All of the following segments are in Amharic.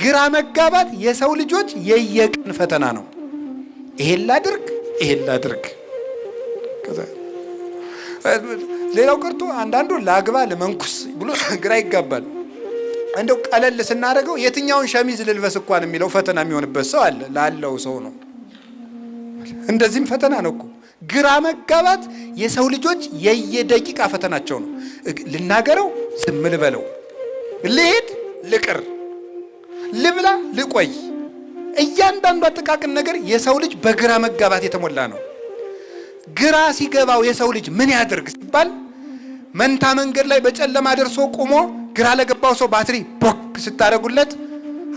ግራ መጋባት የሰው ልጆች የየቀን ፈተና ነው። ይሄን ላድርግ፣ ይሄን ላድርግ። ሌላው ቀርቶ አንዳንዱ ላግባ፣ ለመንኩስ ብሎ ግራ ይጋባል። እንደው ቀለል ስናደርገው የትኛውን ሸሚዝ ልልበስ እንኳን የሚለው ፈተና የሚሆንበት ሰው አለ ላለው ሰው ነው። እንደዚህም ፈተና ነው እኮ ግራ መጋባት የሰው ልጆች የየደቂቃ ፈተናቸው ነው። ልናገረው፣ ዝም ልበለው፣ ልሄድ፣ ልቅር ልቆይ። እያንዳንዱ አጠቃቅን ነገር የሰው ልጅ በግራ መጋባት የተሞላ ነው። ግራ ሲገባው የሰው ልጅ ምን ያድርግ ሲባል መንታ መንገድ ላይ በጨለማ ደርሶ ቆሞ ግራ ለገባው ሰው ባትሪ ቦክ ስታደርጉለት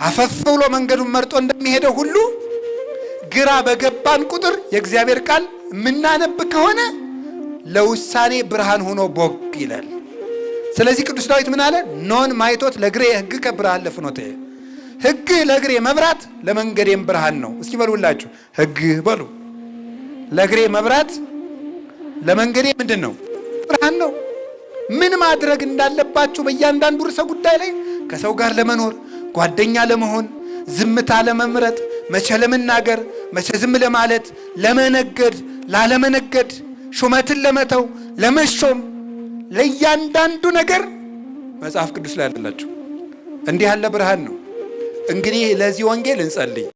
አፈፍ ብሎ መንገዱን መርጦ እንደሚሄደው ሁሉ ግራ በገባን ቁጥር የእግዚአብሔር ቃል የምናነብ ከሆነ ለውሳኔ ብርሃን ሆኖ ቦግ ይላል። ስለዚህ ቅዱስ ዳዊት ምን አለ? ኖን ማይቶት ለግሬ ሕግከ ብርሃን ለፍኖትየ ህግ ለእግሬ መብራት ለመንገዴም ብርሃን ነው። እስኪ በሉላችሁ ህግ በሉ። ለእግሬ መብራት ለመንገዴ ምንድን ነው? ብርሃን ነው። ምን ማድረግ እንዳለባችሁ በእያንዳንዱ ርዕሰ ጉዳይ ላይ ከሰው ጋር ለመኖር ጓደኛ ለመሆን ዝምታ ለመምረጥ መቼ ለመናገር መቼ ዝም ለማለት ለመነገድ ላለመነገድ ሹመትን ለመተው ለመሾም ለእያንዳንዱ ነገር መጽሐፍ ቅዱስ ላይ ያላችሁ እንዲህ ያለ ብርሃን ነው። እንግዲህ ለዚህ ወንጌል እንጸልይ።